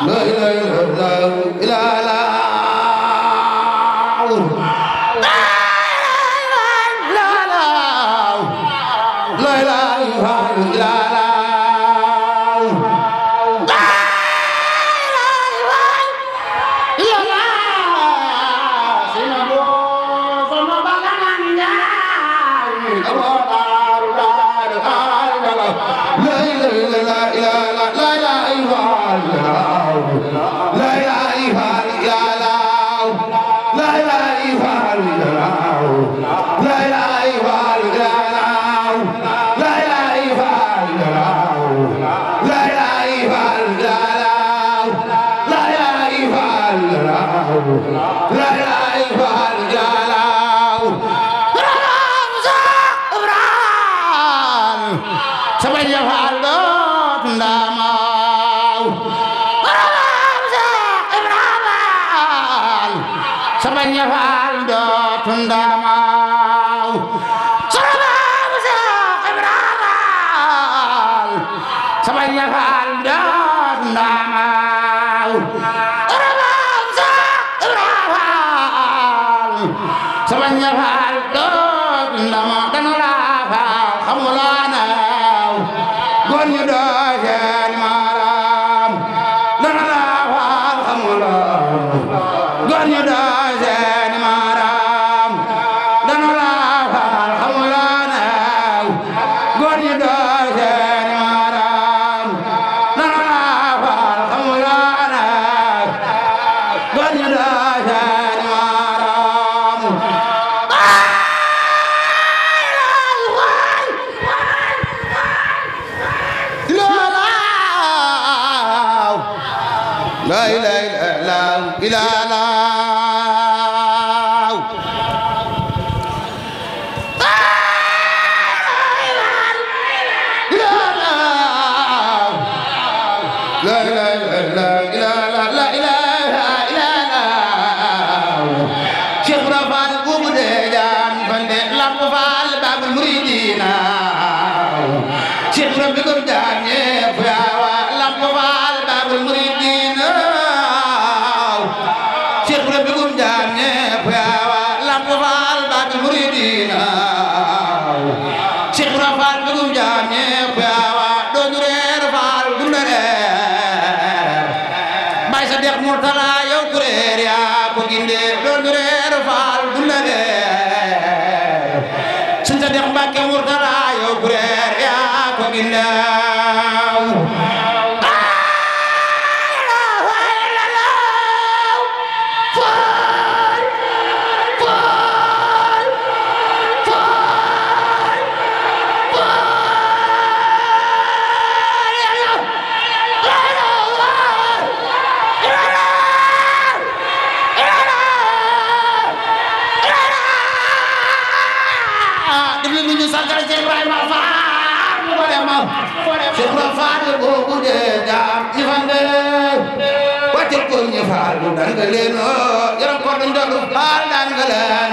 la Sabanya Valdo Tundamau Sabanya góor ñi doon لا إله إلا الله إلا Cheikh Rabi Gurjane sagal Cheikh Ibrahima Fall mu bare ma jaam ñi fan de wàccal ko ñi faalu daan nga leen yaram ko dañ doon faal daan nga leen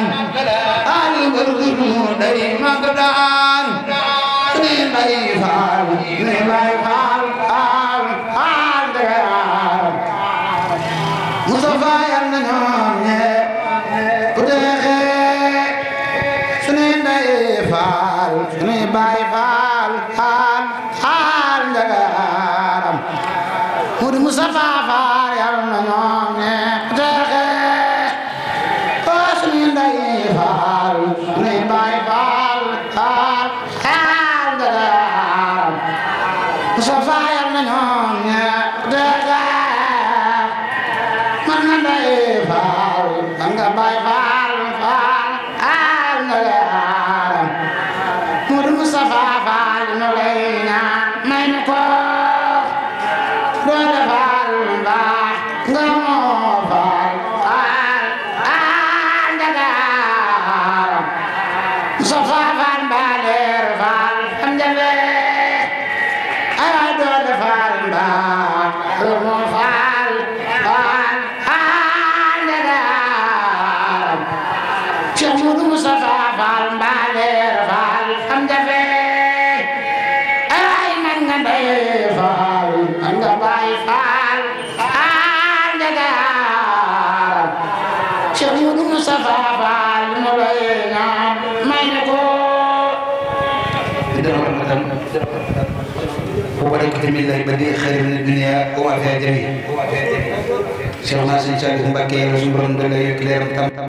faal sunuy baay faal faal faal njagaaram Mudu Mustafa faal yar na ñoom ne texe o sunuy nday faal sunuy baay faal faal faal njagaaram Mustafa yar na ñoom ne texe man nga nday faal man nga baay faal Cheikh Modou Moustapha Fall Mbaler Fall رحمة وبركة من الله بديع خير من الدنيا وما فيها جميع شيخ ناصر شايف مبكي رسول الله يكلم